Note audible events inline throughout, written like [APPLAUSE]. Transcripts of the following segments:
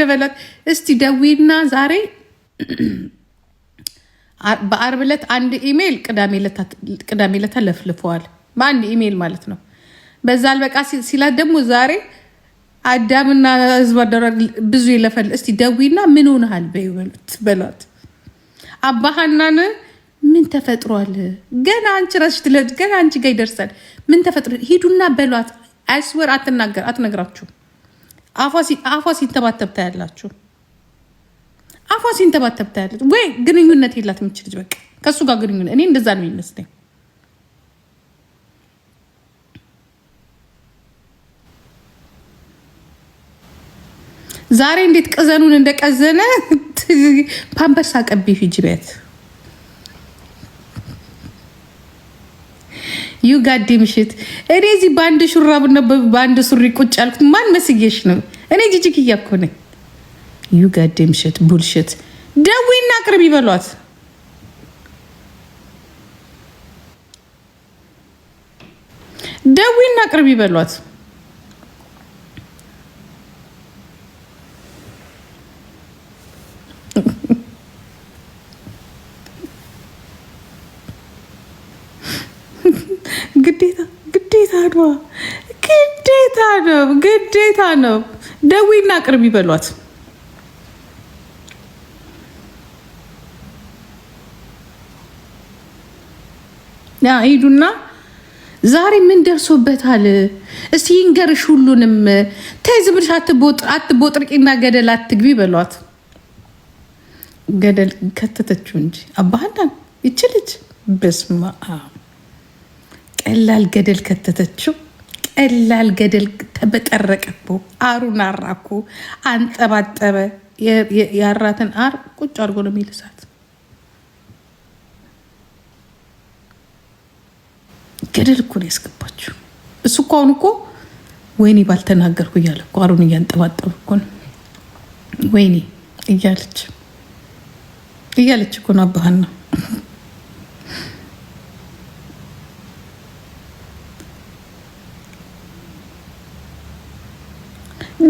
ደበላት። እስቲ ደዊና ዛሬ በአርብ ዕለት አንድ ኢሜይል ቅዳሜ ዕለት ለፍልፈዋል። በአንድ ኢሜይል ማለት ነው። በዛ አልበቃ ሲላት ደግሞ ዛሬ አዳምና ህዝብ አደራ ብዙ ይለፈል። እስቲ ደዊና ምን ሆነሃል በይበሉት በሏት። አባሃናን ምን ተፈጥሯል? ገና አንቺ ራስሽ ገና አንቺ ጋር ይደርሳል። ምን ተፈጥሮ ሂዱና በሏት። አይስወር አትናገር አትነግራችሁም አፏ ሲንተባተብ ታያላችሁ። አፏ ሲንተባተብ ታያለች ወይ ግንኙነት የላት የምችል ልጅ በቃ ከእሱ ጋር ግንኙነት እኔ እንደዛ ነው የሚመስለኝ። ዛሬ እንዴት ቀዘኑን እንደቀዘነ ፓምፐርስ አቀቢ ፊጅ ቤት ዩ ጋዴ ምሽት እኔ እዚህ በአንድ ሹራብና በአንድ ሱሪ ቁጭ አልኩት ማን መስዬሽ ነው? እኔ ጅጅግ እያኮ ነኝ። ዩ ጋዴ ምሽት ቡልሽት ደዊና ቅርብ ይበሏት። ደዊና ቅርብ ይበሏት። ግዴታ ግዴታ ነው ግዴታ ነው ግዴታ ነው። ደዊና ቅርብ ይበሏት። ሂዱና ዛሬ ምን ደርሶበታል? እስቲ ይንገርሽ ሁሉንም። ተይ ዝም ብለሽ አትቦጥርቂና ገደል አትግቢ በሏት። ገደል ከተተችው እንጂ አባህዳን ይችልች በስማ ቀላል ገደል ከተተችው። ቀላል ገደል ተበጠረቀበው። አሩን አራኩ አንጠባጠበ። ያራትን አር ቁጭ አድርጎ ነው የሚልሳት። ገደል እኮ ነው ያስገባችው። እሱ እኮ አሁን እኮ ወይኔ ባልተናገርኩ እያለ እኮ አሩን እያንጠባጠበ እኮ ነው ወይኔ እያለች እያለች እኮ ነው አባህን ነው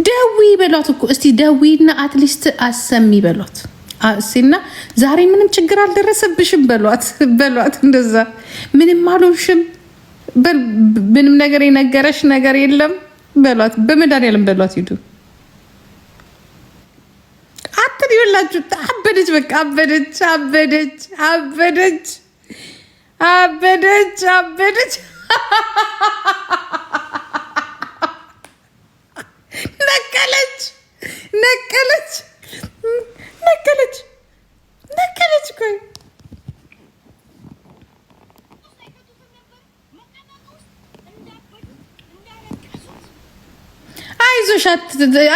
ደዊ በሏት እኮ እስቲ ደዊና አትሊስት አሰሚ በሏት ሲና ዛሬ ምንም ችግር አልደረሰብሽም በሏት በሏት እንደዛ ምንም አልሆንሽም ምንም ነገር የነገረሽ ነገር የለም በሏት በመድኃኒዓለም በሏት ሂዱ አትን ይበላችሁ አበደች በቃ አበደች አበደች አበደች አበደች አበደች [LAUGHS] ነቀለች ነቀለች ነቀለች ነቀለች። ኮይ አይዞሽ፣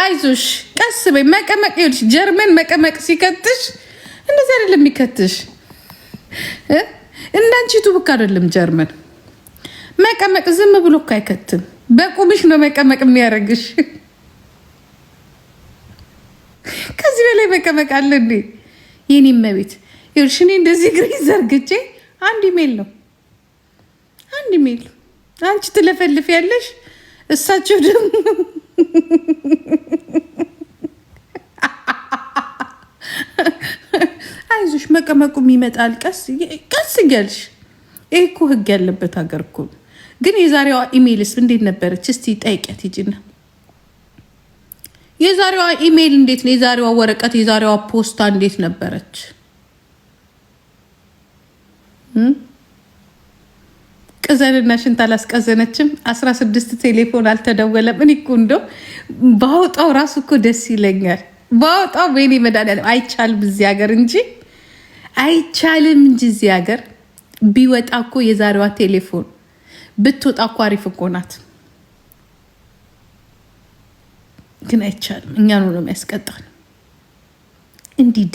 አይዞሽ፣ ቀስ በይ። መቀመቅ ይኸውልሽ፣ ጀርመን መቀመቅ ሲከትሽ እንደዚህ አይደለም የሚከትሽ። እንዳንቺ ቱብክ አይደለም ጀርመን መቀመቅ ዝም ብሎ እኮ አይከትም። በቁምሽ ነው መቀመቅ የሚያደርግሽ። ያበቃል እንዴ? ይህን መቤት ሽኔ እንደዚህ እግሬ ዘርግቼ አንድ ሜል ነው አንድ ሜል አንቺ ትለፈልፍ ያለሽ እሳቸው ደግሞ [LAUGHS] አይዞሽ መቀመቁም ይመጣል ቀስ ቀስ እያልሽ። ይህ እኮ ህግ ያለበት ሀገር እኮ ግን የዛሬዋ ኢሜልስ እንዴት ነበረች? እስቲ ጠይቂያት ሂጂና የዛሬዋ ኢሜይል እንዴት ነው? የዛሬዋ ወረቀት፣ የዛሬዋ ፖስታ እንዴት ነበረች? ቅዘንና ሽንት አላስቀዘነችም። አስራ ስድስት ቴሌፎን አልተደወለም። እኔ እኮ እንደው ባወጣው ራሱ እኮ ደስ ይለኛል። ባወጣው ወይኔ መድኃኒዓለም አይቻልም እዚህ ሀገር እንጂ አይቻልም እንጂ እዚህ ሀገር ቢወጣ እኮ የዛሬዋ ቴሌፎን ብትወጣ እኮ አሪፍ እኮ ናት። ግን አይቻልም። እኛ ነው ነው የሚያስቀጣል። እንዲህ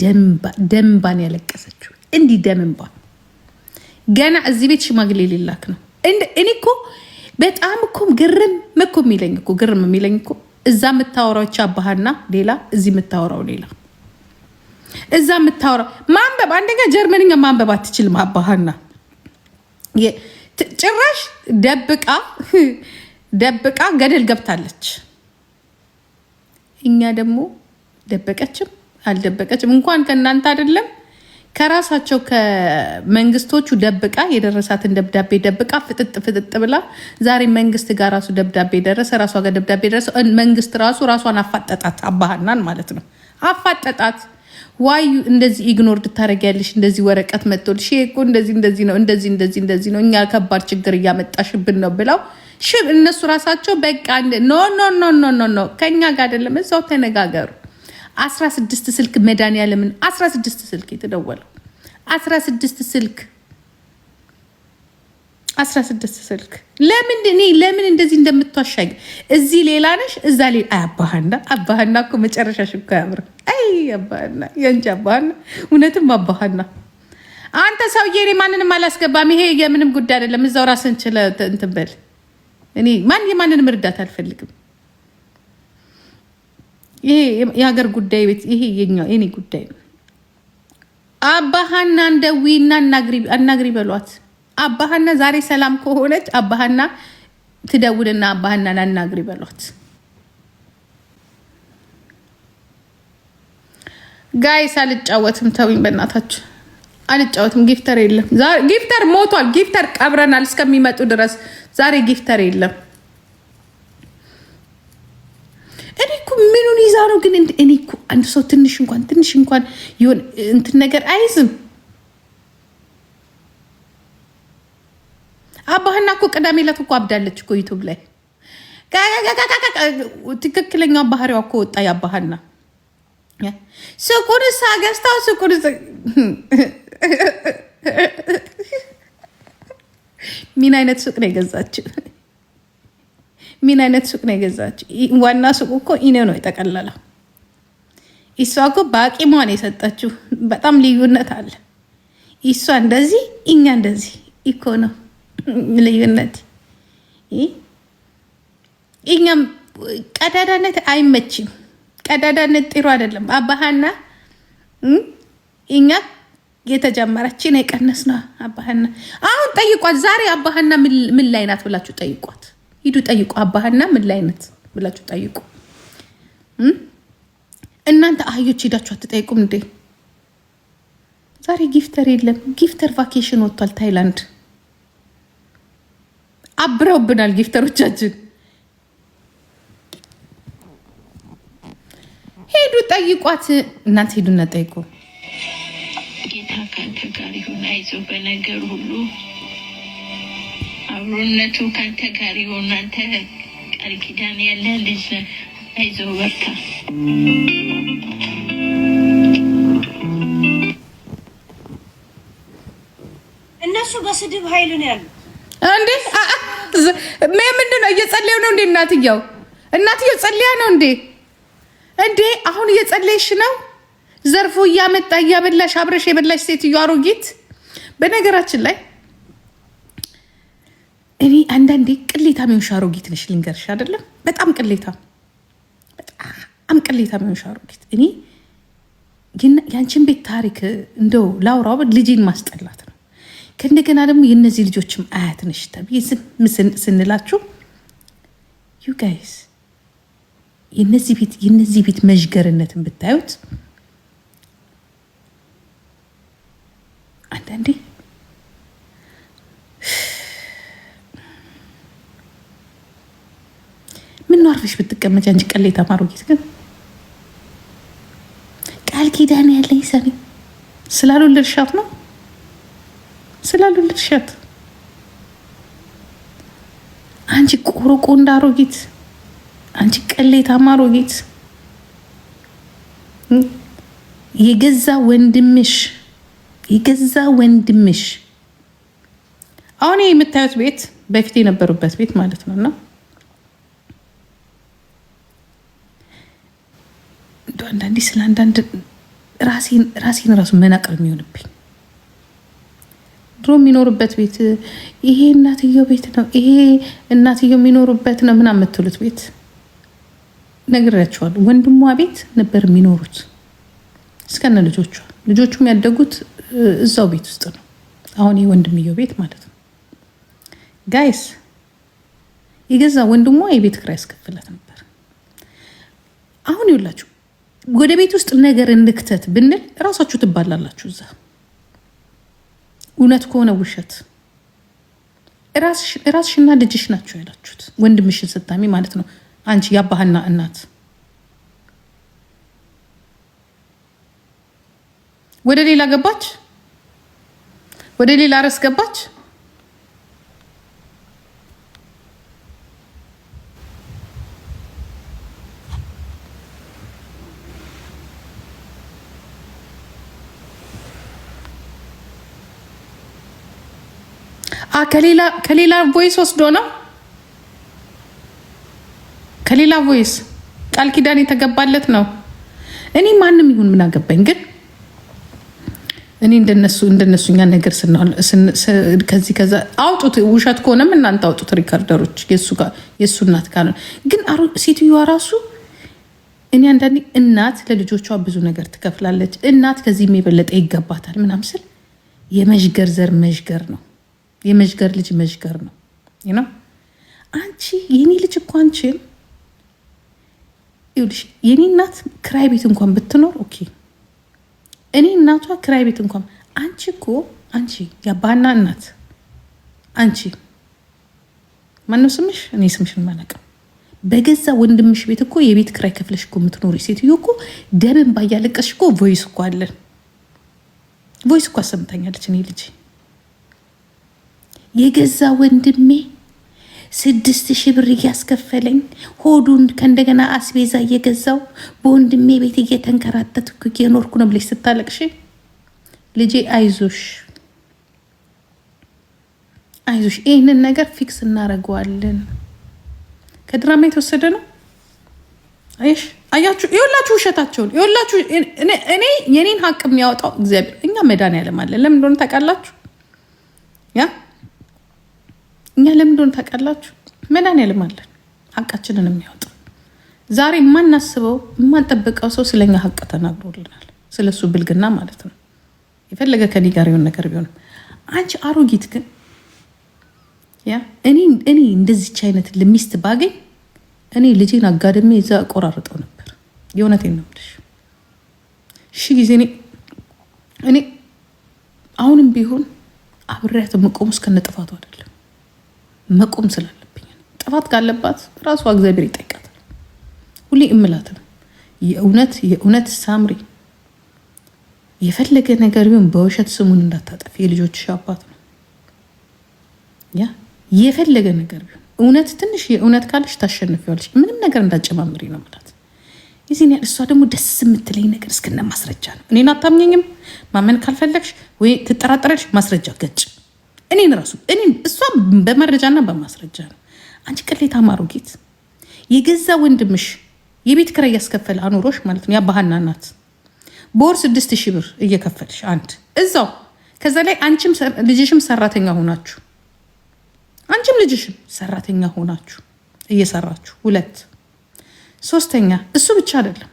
ደምባን ያለቀሰችው እንዲህ ደምንባን ገና እዚህ ቤት ሽማግሌ ሊላክ ነው። እኔ እኮ በጣም እኮ ግርም እኮ የሚለኝ እኮ ግርም የሚለኝ እኮ እዛ የምታወራው አባሃና ሌላ፣ እዚህ የምታወራው ሌላ። እዛ የምታወራው ማንበብ አንደኛ ጀርመንኛ ማንበብ አትችልም አባሃና ጭራሽ ደብቃ ደብቃ ገደል ገብታለች። እኛ ደግሞ ደበቀችም አልደበቀችም እንኳን ከእናንተ አይደለም ከራሳቸው ከመንግስቶቹ ደብቃ የደረሳትን ደብዳቤ ደብቃ ፍጥጥ ፍጥጥ ብላ ዛሬ መንግስት ጋር ራሱ ደብዳቤ ደረሰ፣ ራሷ ጋር ደብዳቤ ደረሰ። መንግስት ራሱ ራሷን አፋጠጣት፣ አባህናን ማለት ነው አፋጠጣት። ዋዩ እንደዚህ ኢግኖር ታደርጊያለሽ? እንደዚህ ወረቀት መጥቶልሽ እኮ እንደዚህ እንደዚህ ነው እንደዚህ እንደዚህ እንደዚህ ነው እኛ ከባድ ችግር እያመጣሽብን ነው ብለው ሽብ እነሱ ራሳቸው በቃ ኖ ኖ ኖ ኖ ኖ ኖ ከኛ ጋር አይደለም፣ እዛው ተነጋገሩ። አስራ ስድስት ስልክ መድኃኒዓለምን አስራ ስድስት ስልክ የተደወለው አስራ ስድስት ስልክ አስራ ስድስት ስልክ ለምን እኔ ለምን እንደዚህ እንደምትዋሻኝ እዚህ ሌላ ነሽ እዛ ሌላ። አባሃና አባሃና እኮ መጨረሻሽ እኮ አያምርም። አይ አባሃና የአንቺ አባሃና እውነትም አባሃና አንተ ሰውዬ እኔ ማንንም አላስገባም። ይሄ የምንም ጉዳይ አይደለም። እዛው ራስን ችለ እንትን በል እኔ ማን የማንንም እርዳታ አልፈልግም። ይሄ የሀገር ጉዳይ ቤት ይሄ የኛው የኔ ጉዳይ ነው። አባሃና እንደዊና አናግሪ በሏት። አባሃና ዛሬ ሰላም ከሆነች አባሃና ትደውልና አባሃናን አናግሪ በሏት። ጋይስ አልጫወትም፣ ተውኝ በእናታችሁ። አልጫወትም። ጊፍተር የለም። ጊፍተር ሞቷል። ጊፍተር ቀብረናል እስከሚመጡ ድረስ። ዛሬ ጊፍተር የለም። እኔ እኮ ምኑን ይዛ ነው ግን? እኔ እኮ አንድ ሰው ትንሽ እንኳን ትንሽ እንኳን ይሆን እንትን ነገር አይዝም። አባህና እኮ ቅዳሜ ዕለት እኮ አብዳለች እኮ ዩቱብ ላይ ትክክለኛው ባህሪዋ እኮ ወጣ። ያባህና ሱቁን ገዝታው ምን አይነት ሱቅ ነው የገዛችው? ምን አይነት ሱቅ ነው የገዛችው? ዋና ሱቁ እኮ ኢኔ ነው የጠቀለለው። እሷ እኮ በአቂሟን የሰጠችው። በጣም ልዩነት አለ። እሷ እንደዚህ እኛ እንደዚህ እኮ ነው ልዩነት። እኛም ቀዳዳነት አይመችም። ቀዳዳነት ጥሩ አይደለም። አባሃና እኛ የተጀመረች ነው የቀነስ ነው። አባህና አሁን ጠይቋት። ዛሬ አባህና ምን ላይ ናት ብላችሁ ጠይቋት። ሂዱ ጠይቁ። አባህና ምን ላይ ናት ብላችሁ ጠይቁ። እናንተ አህዮች ሄዳችሁ አትጠይቁም እንዴ? ዛሬ ጊፍተር የለም። ጊፍተር ቫኬሽን ወጥቷል ታይላንድ። አብረውብናል ጊፍተሮቻችን። ሄዱ ጠይቋት። እናንተ ሄዱና ጠይቁ። አይዞ በነገር ሁሉ አብሮነቱ ካንተ ጋር ይሆን። አንተ ቃል ኪዳን ያለ ልጅ አይዞ በርታ። እነሱ በስድብ ኃይል ነው ያሉት። እንዴ ምንድን ነው? እየጸለዩ ነው እንዴ? እናትየው እናትየው ጸልያ ነው እንዴ? እንዴ አሁን እየጸለይሽ ነው? ዘርፎ እያመጣ እያበላሽ አብረሽ የበላሽ ሴትዮ አሮጊት በነገራችን ላይ እኔ አንዳንዴ ቅሌታ የሆንሽ አሮጊት ነሽ፣ ልንገርሽ አይደለም። በጣም ቅሌታ በጣም ቅሌታ የሆንሽ አሮጊት። እኔ ያንቺን ቤት ታሪክ እንደው ላውራው ልጅን ማስጠላት ነው። ከእንደገና ደግሞ የእነዚህ ልጆችም አያት ነሽ ተብዬ ስንላችሁ ዩ ጋይስ የነዚህ ቤት መዥገርነትን ብታዩት አንዳንዴ ምነው አርፈሽ ብትቀመጭ አንቺ የተማሩ ጌት ግን ቃል ኪዳን ያለኝ ሰኔ ስላልወለድሻት ነው ስላልወለድሻት አንቺ እንዳሮ ጌት አንቺ ቀሌታማ አሮጊት የገዛ ወንድምሽ የገዛ ወንድምሽ አሁን የምታዩት ቤት በፊት የነበሩበት ቤት ማለት ነው እና እንደው አንዳንዴ ስለ አንዳንድ ራሴን ራሱ መናቅር የሚሆንብኝ ድሮ የሚኖሩበት ቤት ይሄ እናትየው ቤት ነው፣ ይሄ እናትየው የሚኖሩበት ነው ምናምን የምትሉት ቤት ነግሬያቸዋለሁ። ወንድሟ ቤት ነበር የሚኖሩት እስከነ ልጆቿ። ልጆቹም ያደጉት እዛው ቤት ውስጥ ነው። አሁን ይህ ወንድምየው ቤት ማለት ነው። ጋይስ የገዛ ወንድሟ የቤት ክራይ ያስከፍላት ነበር። አሁን ይውላችሁ ወደ ቤት ውስጥ ነገር እንክተት ብንል እራሳችሁ ትባላላችሁ። እዛ እውነት ከሆነ ውሸት እራስሽና ልጅሽ ናቸው ያላችሁት። ወንድምሽን ስታሚ ማለት ነው። አንቺ የአባህና እናት ወደ ሌላ ገባች፣ ወደ ሌላ ርዕስ ገባች። ከሌላ ቮይስ ወስዶ ነው። ከሌላ ቮይስ ቃል ኪዳን የተገባለት ነው። እኔ ማንም ይሁን ምን አገባኝ። ግን እኔ እንደነሱ እንደነሱኛ ነገር ከዚህ ከዛ አውጡት። ውሸት ከሆነም እናንተ አውጡት። ሪከርደሮች የእሱ እናት ካልሆነ ግን ሴትዮዋ ራሱ እኔ አንዳንዴ እናት ለልጆቿ ብዙ ነገር ትከፍላለች። እናት ከዚህም የበለጠ ይገባታል ምናምን ስል የመዥገር ዘር መዥገር ነው። የመዥገር ልጅ መዥገር ነው ነው። አንቺ የኔ ልጅ እኮ አንቺን ይኸውልሽ፣ የኔ እናት ክራይ ቤት እንኳን ብትኖር ኦኬ፣ እኔ እናቷ ክራይ ቤት እንኳን አንቺ እኮ አንቺ የአባና እናት አንቺ ማነው ስምሽ? እኔ ስምሽን ማለቅም በገዛ ወንድምሽ ቤት እኮ የቤት ክራይ ከፍለሽ እኮ የምትኖሪ ሴትዮ እኮ ደብን ባያለቀሽ እኮ ቮይስ እኮ አለን ቮይስ እኮ አሰምታኛለች እኔ ልጅ የገዛ ወንድሜ ስድስት ሺህ ብር እያስከፈለኝ ሆዱን ከእንደገና አስቤዛ እየገዛው በወንድሜ ቤት እየተንከራተትኩ እየኖርኩ ነው ብለሽ ስታለቅሽ፣ ልጄ አይዞሽ አይዞሽ፣ ይህንን ነገር ፊክስ እናደርገዋለን። ከድራማ የተወሰደ ነው። አየሽ፣ አያችሁ፣ የወላችሁ ውሸታቸውን እኔ የኔን ሀቅ የሚያወጣው እግዚአብሔር፣ እኛ መዳን ያለማለን። ለምን እንደሆነ ታውቃላችሁ ያ እኛ ለምንድን ታውቃላችሁ? መድኃኒዓለም አለን ሀቃችንን የሚያወጣ ዛሬ የማናስበው የማንጠብቀው ሰው ስለኛ ሀቅ ተናግሮልናል። ስለሱ ብልግና ማለት ነው። የፈለገ ከኔ ጋር የሆነ ነገር ቢሆንም አንቺ አሮጊት ግን ያ እኔ እኔ እንደዚች አይነት ልሚስት ባገኝ እኔ ልጄን አጋድሜ እዛ ቆራርጠው ነበር። የእውነቴን ነው የምልሽ። ሺ ጊዜ እኔ እኔ አሁንም ቢሆን አብሬያት የምቆሙ እስከነ ጥፋቱ አይደለም መቆም ስላለብኝ ጥፋት ካለባት ራሷ እግዚአብሔር ይጠይቃታል። ሁሌ እምላት የእውነት የእውነት ሳምሪ የፈለገ ነገር ቢሆን በውሸት ስሙን እንዳታጠፍ የልጆችሽ አባት ነው። ያ የፈለገ ነገር ቢሆን እውነት ትንሽ የእውነት ካለሽ ታሸንፊዋለሽ። ምንም ነገር እንዳጨማምሪ ነው የምላት። የዚህን ያህል እሷ ደግሞ ደስ የምትለኝ ነገር እስክነ ማስረጃ ነው። እኔን አታምኘኝም? ማመን ካልፈለግሽ ወይ ትጠራጠረች ማስረጃ ገጭ እኔን ራሱ እኔን እሷ በመረጃና በማስረጃ ነው። አንቺ ቅሌታ ጌት የገዛ ወንድምሽ የቤት ክራይ እያስከፈለ አኑሮሽ ማለት ነው። ያባሃና ናት በወር ስድስት ሺህ ብር እየከፈልሽ አንድ እዛው ከዛ ላይ አንቺም ልጅሽም ሰራተኛ ሆናችሁ አንቺም ልጅሽም ሰራተኛ ሆናችሁ እየሰራችሁ ሁለት ሶስተኛ እሱ ብቻ አይደለም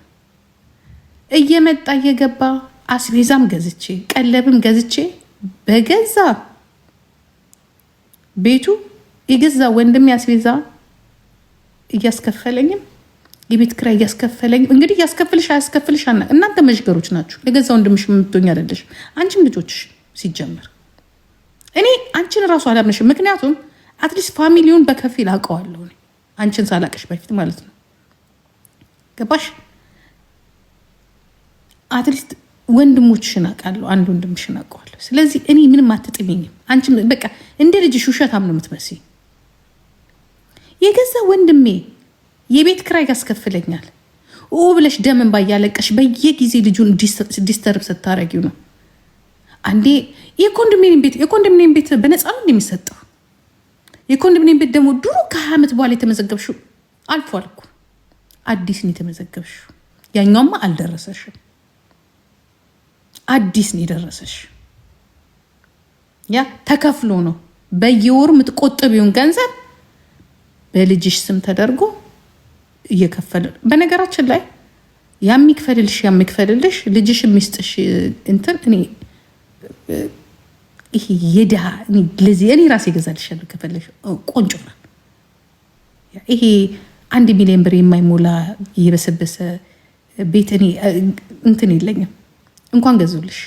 እየመጣ እየገባ አስቤዛም ገዝቼ ቀለብም ገዝቼ በገዛ ቤቱ የገዛ ወንድም ያስቤዛ እያስከፈለኝም የቤት ኪራይ እያስከፈለኝ እንግዲህ እያስከፍልሽ አያስከፍልሽ አና እናንተ መዥገሮች ናችሁ። ለገዛ ወንድምሽ የምትሆኝ አይደለሽ። አንቺም ልጆችሽ ሲጀምር እኔ አንቺን እራሱ አላምንሽም። ምክንያቱም አትሊስት ፋሚሊውን በከፊል አውቀዋለሁ አንቺን ሳላቅሽ በፊት ማለት ነው። ገባሽ አትሊስት ወንድሞችሽን አውቃለሁ። አንድ ወንድምሽን አውቀዋለሁ። ስለዚህ እኔ ምንም አትጥሚኝም። አንቺ በቃ እንደ ልጅሽ ውሸታም ነው የምትመስይ። የገዛ ወንድሜ የቤት ክራይ ያስከፍለኛል ብለሽ ደምን ባያለቀሽ በየጊዜ ልጁን ዲስተርብ ስታረጊው ነው። አንዴ የኮንዶሚኒየም ቤት በነፃ ነው እንደሚሰጠው የኮንዶሚኒየም ቤት ደግሞ ድሮ ከሀያ ዓመት በኋላ የተመዘገብሽው አልፎ አልኩ አዲስን የተመዘገብሽው ያኛውማ አልደረሰሽም። አዲስ ነው የደረሰሽ። ያ ተከፍሎ ነው በየወር የምትቆጥቢውን ገንዘብ በልጅሽ ስም ተደርጎ እየከፈለ በነገራችን ላይ ያሚክፈልልሽ ያሚክፈልልሽ ልጅሽ የሚስጥሽ እንትን እኔ ይሄ የድሃ ለዚህ እኔ ራሴ እገዛልሻለሁ ከፈለሽ ቆንጆ ናት። ይሄ አንድ ሚሊዮን ብር የማይሞላ የበሰበሰ ቤት እኔ እንትን የለኝም። እንኳን ገዙልሽ።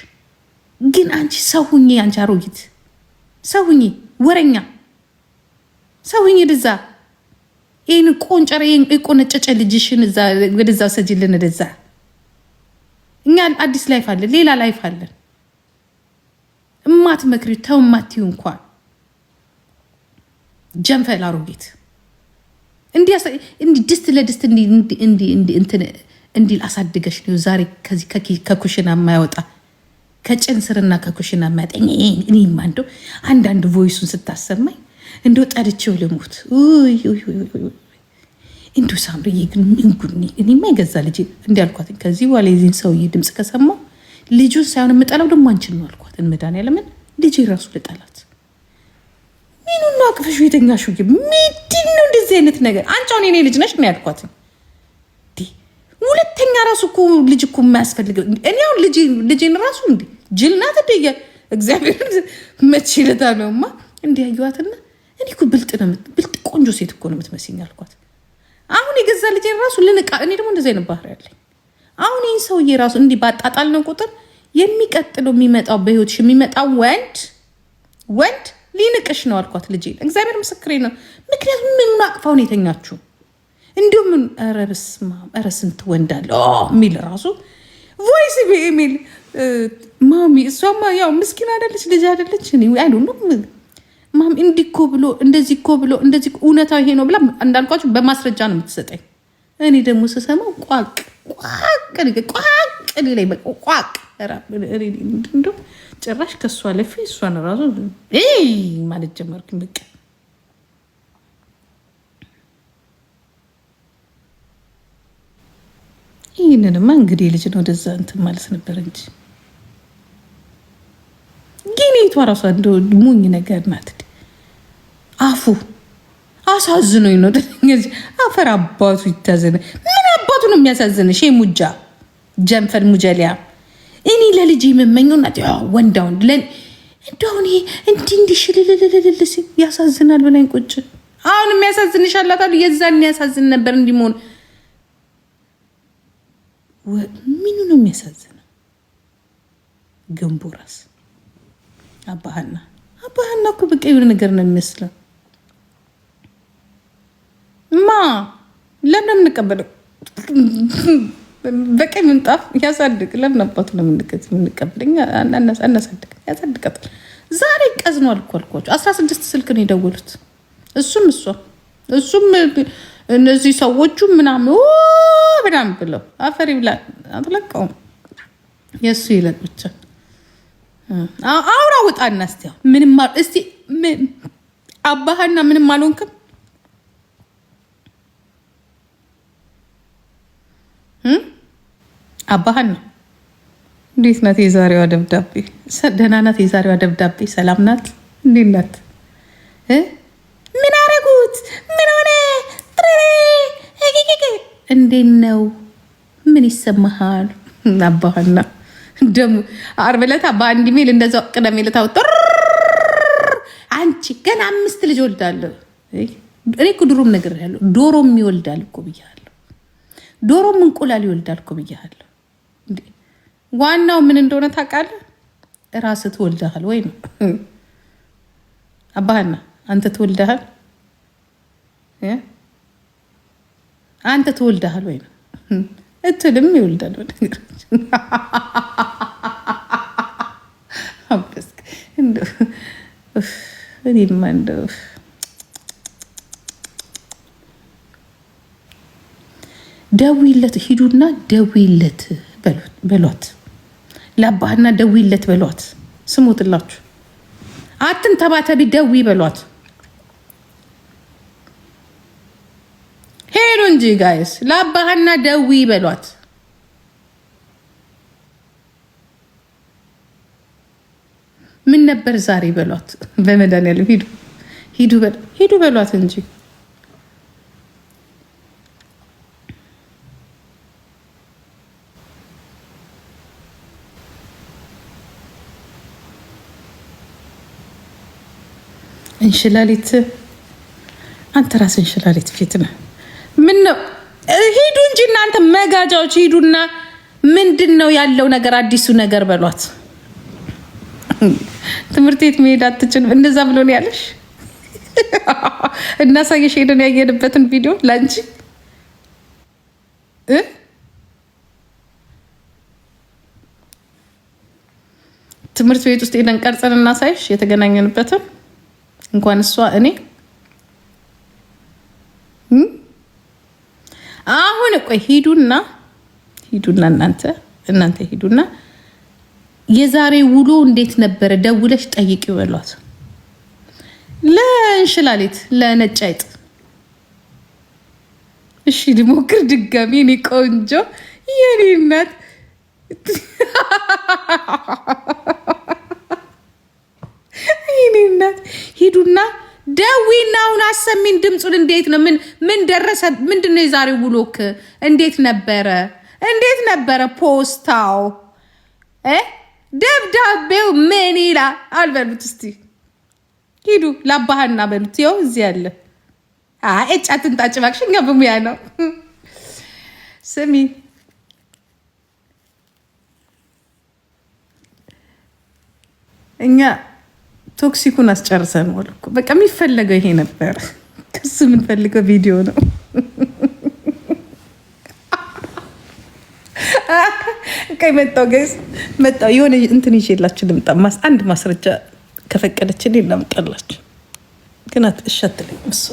ግን አንቺ ሰው ሁኜ አንቺ አሮጊት ሰው ሁኜ ወረኛ ሰው ሁኜ ድዛ ይህን ቆንጨረ የቆነጨጨ ልጅሽን ወደዛ ሰጅልን ደዛ እኛ አዲስ ላይፍ አለን፣ ሌላ ላይፍ አለን። እማት መክሪ ተው ማትዩ እንኳን ጀንፈል አሮጌት እንዲህ ድስት ለድስት እንትን እንዲል አሳድገሽ ነው ዛሬ ከኩሽና የማያወጣ ከጭን ስርና ከኩሽና የማያወጣ እኔማ እንደው አንዳንድ ቮይሱን ስታሰማኝ እንደው ጠርቼው ልሙት። እንዲሁ ሳምሪ ግን እንጉኒ እኔማ የገዛ ልጅ እንዲያልኳትን ከዚህ በኋላ የዚህን ሰውዬ ድምፅ ከሰማው ልጁን ሳይሆን የምጠላው ደግሞ አንችን ነው አልኳት። መድኃኒዓለምን ልጅ ራሱ ልጠላት ሚኑና አቅፈሽ የተኛሹ ምንድን ነው እንደዚህ አይነት ነገር? አንቺ አሁን የኔ ልጅ ነሽ ነው ያልኳትኝ ሁለተኛ ራሱ እኮ ልጅ እኮ የማያስፈልገው እኔ አሁን ልጄን ራሱ እንዲ ጅል ናት እንደየ እግዚአብሔር መቼ ይለታ ነውማ እንዲህ እንዲያዩዋትና እኔ እኮ ብልጥ ነው ብልጥ ቆንጆ ሴት እኮ ነው የምትመስኝ አልኳት። አሁን የገዛ ልጄን ራሱ ልንቃ እኔ ደግሞ እንደዚህ አይነት ባህሪ ያለኝ አሁን ይህ ሰውዬ ራሱ እንዲህ ባጣጣል ነው ቁጥር የሚቀጥለው የሚመጣው በህይወትሽ የሚመጣው ወንድ ወንድ ሊንቅሽ ነው አልኳት ልጄን። እግዚአብሔር ምስክሬ ነው። ምክንያቱም ምኑን አቅፋውን የተኛችሁ እንዲሁም ኧረ ስንት ወንድ አለ የሚል ራሱ ቮይስ በኢሜል ማሚ እሷማ ያው ምስኪን አደለች ልጅ አደለች አይሉም ማሚ እንዲህ እኮ ብሎ እንደዚህ እኮ ብሎ እንደዚህ እውነታው ይሄ ነው ብላ እንዳልኳቸው በማስረጃ ነው የምትሰጠኝ። እኔ ደግሞ ስሰማው ቋቅ ቋቅ ቋቅ ሌላ ቋቅ ጭራሽ ከእሷ ለፊ እሷን ራሱ ማለት ጀመርኩኝ በቃ ይህንንማ እንግዲህ ልጅ ነው ወደዛ እንትን ማለት ነበር እንጂ ግን የቷ ራሷ እንደ ሙኝ ነገር ናት። አፉ አሳዝኖኝ ነው። አፈር አባቱ ይታዘነ። ምን አባቱ ነው የሚያሳዝነ? ሼ ሙጃ ጀንፈል ሙጀሊያ እኔ ለልጅ የምመኘው እናት ወንዳ ወንድ እንደሁን እንዲህ እንዲ ሽልልልልል ያሳዝናል ብላኝ ቁጭ አሁን የሚያሳዝንሽ አላታሉ። የዛን ያሳዝን ነበር እንዲህ መሆን ምኑ ነው የሚያሳዝነው? ገንቦ ራስ አባሃና አባሃና እኮ በቃ የሆነ ነገር ነው የሚመስለው። ማ ለምን ነው የምንቀበለው? በቀይ ምንጣፍ ያሳድግ። ለምን አባቱ ነው የምንቀበል? ያሳድጋታል። ዛሬ ቀዝኗል እኮ አልኳቸው። አስራ ስድስት ስልክ ነው የደወሉት እሱም እሷ እሱም እነዚህ ሰዎቹ ምናምን ብዳም ብለው አፈሪ ብላ አትለቀውም። የእሱ ይለን ብቻ አውራ ውጣና ስ ምንም እስቲ አባህና ምንም አልሆንክም። አባህና እንዴት ናት? የዛሬዋ ደብዳቤ ደህና ናት? የዛሬዋ ደብዳቤ ሰላም ናት? እንዴት ናት? ምን አረጉት? ምን እንዴት ነው? ምን ይሰማሃል? አባህና ደግሞ ዓርብ ዕለት በአንድ ሜል እንደዛ ቅደም ለታው አንቺ ገና አምስት ልጅ ወልዳለሁ። እኔ እኮ ድሮም ነገር ያለሁ ዶሮም ይወልዳል እኮ ብያለሁ። ዶሮም እንቁላል ይወልዳል እኮ ብያለሁ። ዋናው ምን እንደሆነ ታውቃለህ? ራስ ትወልደሃል ወይ ነው አባህና አንተ ትወልደሃል አንተ ትወልዳሃል ወይ እትልም ይወልዳል። ደዊለት ሂዱና ደዊለት በሏት፣ ለአባህና ደዊለት በሏት። ስሙትላችሁ አትን ተባተቢ ደዊ በሏት። እንጂ ጋይስ ለአባህና ደዊ በሏት። ምን ነበር ዛሬ በሏት። [LAUGHS] በመድኃኒዓለም ሂዱ ሂዱ ሂዱ በሏት እንጂ እንሽላሊት አንተ ራስ እንሽላሊት ፊት ነህ። ምን ነው ሂዱ እንጂ እናንተ መጋጃዎች ሂዱና ምንድን ነው ያለው ነገር አዲሱ ነገር በሏት። ትምህርት ቤት መሄድ አትችልም እንደዛ ብሎን ያለሽ። [LAUGHS] እናሳየሽ ሄደን ያየንበትን ቪዲዮ ላንቺ ትምህርት ቤት ውስጥ ሄደን ቀርጸን እናሳይሽ የተገናኘንበትን እንኳን እሷ እኔ አሁን ቆይ ሂዱና ሂዱና እናንተ እናንተ ሂዱና የዛሬ ውሎ እንዴት ነበረ ደውለሽ ጠይቂ በሏት። ለእንሽላሊት ለነጭ አይጥ እሺ፣ ሊሞክር ድጋሚ እኔ ቆንጆ የኔ እናት [LAUGHS] የኔ እናት ሂዱና ደዊና አሁን አሰሚን ድምፁን። እንዴት ነው? ምን ምን ደረሰ? ምንድን ነው የዛሬው ውሎክ? እንዴት ነበረ? እንዴት ነበረ ፖስታው? ደብዳቤው ምን ላ አልበሉት እስቲ ሂዱ ላባህና በሉት። ይኸው እዚህ ያለ እጫ ትንጣጭ እባክሽ፣ እኛ በሙያ ነው። ስሚ እኛ ቶክሲኩን አስጨርሰነዋል እኮ በቃ የሚፈለገው ይሄ ነበር። ክስ የምንፈልገው ቪዲዮ ነው። [LAUGHS] ቀይ መጣው ገይስ መጣው የሆነ እንትን ይዤላችሁ ልምጣ። አንድ ማስረጃ ከፈቀደችን ላምጣላችሁ፣ ግን እሺ አትለኝም እሱ